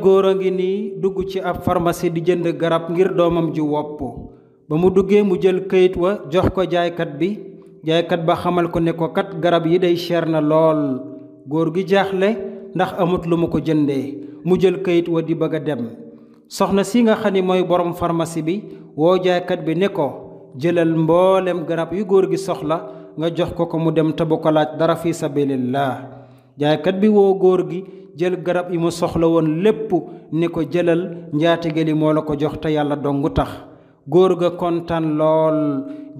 góor a ngi nii dugg ci ab pharmacie di jënd garab ngir doomam ju wopp ba mu duggee mu jël kayit wa jox ko jaaykat bi jaaykat ba xamal ko ne ko kat garab yi day cher na lool góor gi jaaxle ndax amut lu mu ko jëndee mu jël kayit wa di bëgg a dem soxna si nga xam ni mooy borom pharmacie bi woo jaaykat bi ne ko jëlal mboolem garab yu góor gi soxla nga jox ko ko mu dem te bu ko laaj dara fi sabilillah jaaykat bi woo góor gi jël garab yi mu soxla woon lépp ni ko jëlal njaatige li moo la ko jox te yàlla dong tax góor ga kontaan lool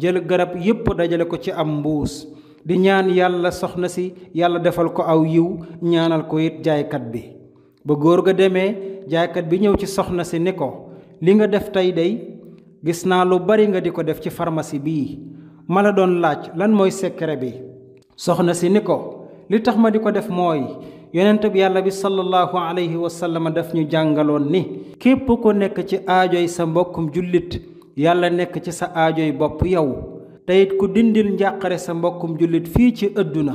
jël garab yépp dajale ko ci am mbuus di ñaan yàlla soxna si yàlla defal ko aw yiw ñaanal ko it jaaykat bi ba góor ga demee jaaykat bi ñëw ci soxna si ni ko li nga def tey dey gis naa lu bari nga di ko def ci pharmacie bii ma la doon laaj lan mooy secret bi soxna si ni ko li tax ma di ko def mooy yonent bi yàlla bi sallallahu alayhi wa sallam daf ñu jàngaloon ni képp ko nekk ci aajoy sa mbokkum jullit yàlla nekk ci sa aajoy bopp yow teyit ku dindil njàqare sa mbokkum jullit fii ci ëdduna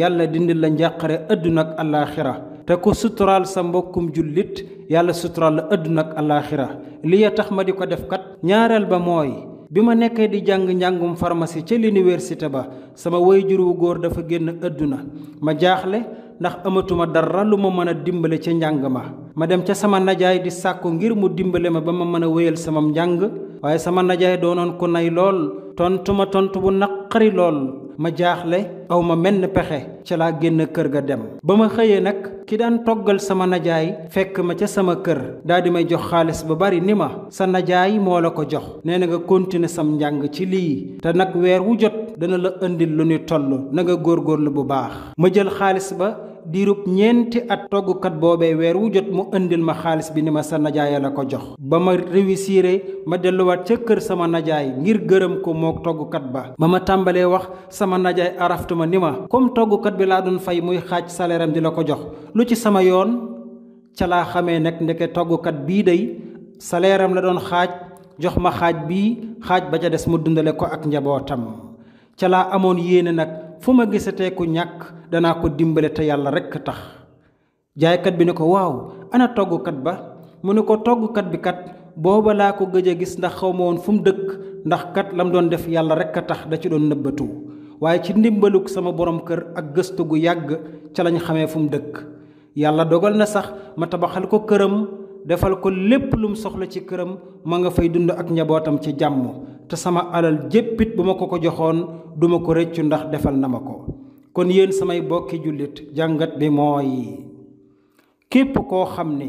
yàlla dindil la njàqare ëdduna ak alaaxira te ku suturaal sa mbokkum jullit yàlla suturaal la ëdduna ak alaaxira li ya tax ma di ko def kat ñaareel ba mooy bi ma nekkee di jàng njàngum pharmacie ca l'université ba sama waajur wu góor dafa génn ëdduna ma jaaxle ndax amatuma dara lu ma mën a dimbale ca njàng ma ma dem ca sama najaay di sàkku ngir mu dimbale ma ba ma mën a wéyal sama njàng waaye sama najaay doonoon ku nay lool tontu ma tontu bu naqari lool ma jaaxle aw ma menn pexe ca laa génn kër ga dem ba ma xëyee nag ki daan toggal sama najaay fekk ma ca sama kër daal di may jox xaalis ba bari ni ma sa najaay moo la ko jox nee na nga continuer sam njàng ci lii te nag weer wu jot dana la indil lu ñuy toll na góor góorgóorlu bu baax ma jël xaalis ba diirub ñeenti at toggukat boobee weer wu jot mu indil ma xaalis bi ni ma sa najaaya la ko jox ba ma réussir ma delluwaat ca kër sama najaay ngir gërëm ko moo toggkat ba ba ma tàmbalee wax sama najaay araftu ma ni ma comme toggkat bi laa doon fay muy xaaj saleeram di la ko jox lu ci sama yoon ca laa xamee nag ndeke toggukat bii day saleeram la doon xaaj jox ma xaaj bii xaaj ba ca des mu dundale ko ak njabootam ca laa amoon yéene nag fu ma gisatee ku ñàkk danaa ko dimbale te yàlla rekk tax jaaykat bi ne ko waaw ana toggukat ba mu ne ko toggukat bi kat booba laa ko gëj a gis ndax xaw ma woon fu mu dëkk ndax kat la mu doon def yàlla rekk a tax da ci doon nëbbatu waaye ci ndimbalug sama boroom kër ak gëstu gu yàgg ca lañ xamee fu mu dëkk yàlla dogal na sax ma tabaxal ko këram defal ko lépp lum soxla ci këram ma nga fay dund ak njabootam ci jàmm te sama alal jéppit bu ma ko ko joxoon duma ko rëccu ndax defal na ma ko kon yéen samay bokki jullit jàngat bi mooy képp koo xam ne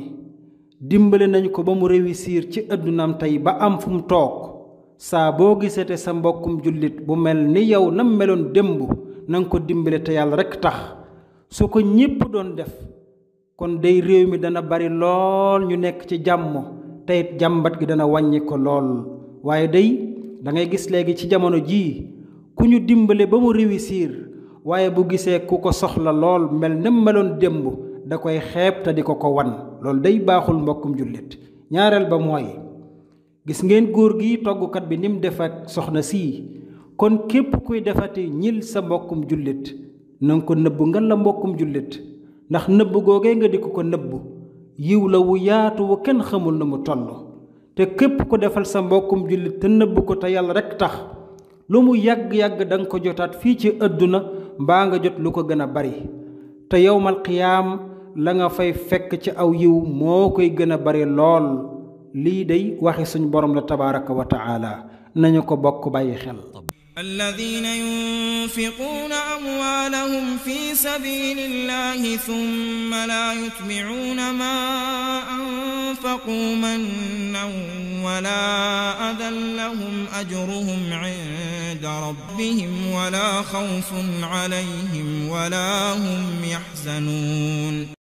dimbale nañ ko ba mu réussir ci ëddunaam tey ba am fu mu toog saa boo gisee te sa mbokkum jullit bu mel ni yow nam meloon démb nanga ko dimbale te yàlla rekk tax su ko ñépp doon def kon dey réew mi dana bari lool ñu nekk ci jàmm tey jàmbat gi dana wàññiku ko lool waaye day dangay gis léegi ci jamono jii ku ñu dimbale ba mu réussir waaye bu gisee ku ko soxla lool mel na meloon démb da koy xeeb te di ko ko wan loolu day baaxul mbokkum jullit ñaareel ba mooy gis ngeen góor gi toggukat bi ni mu def ak soxna sii kon képp kuy defati ñil sa mbokkum jullit na nga ko nëbb nga la mbokkum jullit ndax nëbb googee nga di ko ko nëbb yiw la wu yaatu wu kenn xamul na mu toll te képp ko defal sa mbokkum jullit te nëbb ko te yàlla rekk tax lu mu yàgg-yàgg danga ko jotaat fii ci àdduna mbaa nga jot lu ko gën a bari te yowmal qiyaam la nga fay fekk ci aw yiw moo koy gën a bari lool lii dey waxi suñu borom la tabaaraka wa taala nañu ko bokk bàyyi xel الذين ينفقون أموالهم في سبيل الله ثم لا يتبعون ما أنفقوا منا ولا أذى لهم أجرهم عند ربهم ولا خوف عليهم ولا هم يحزنون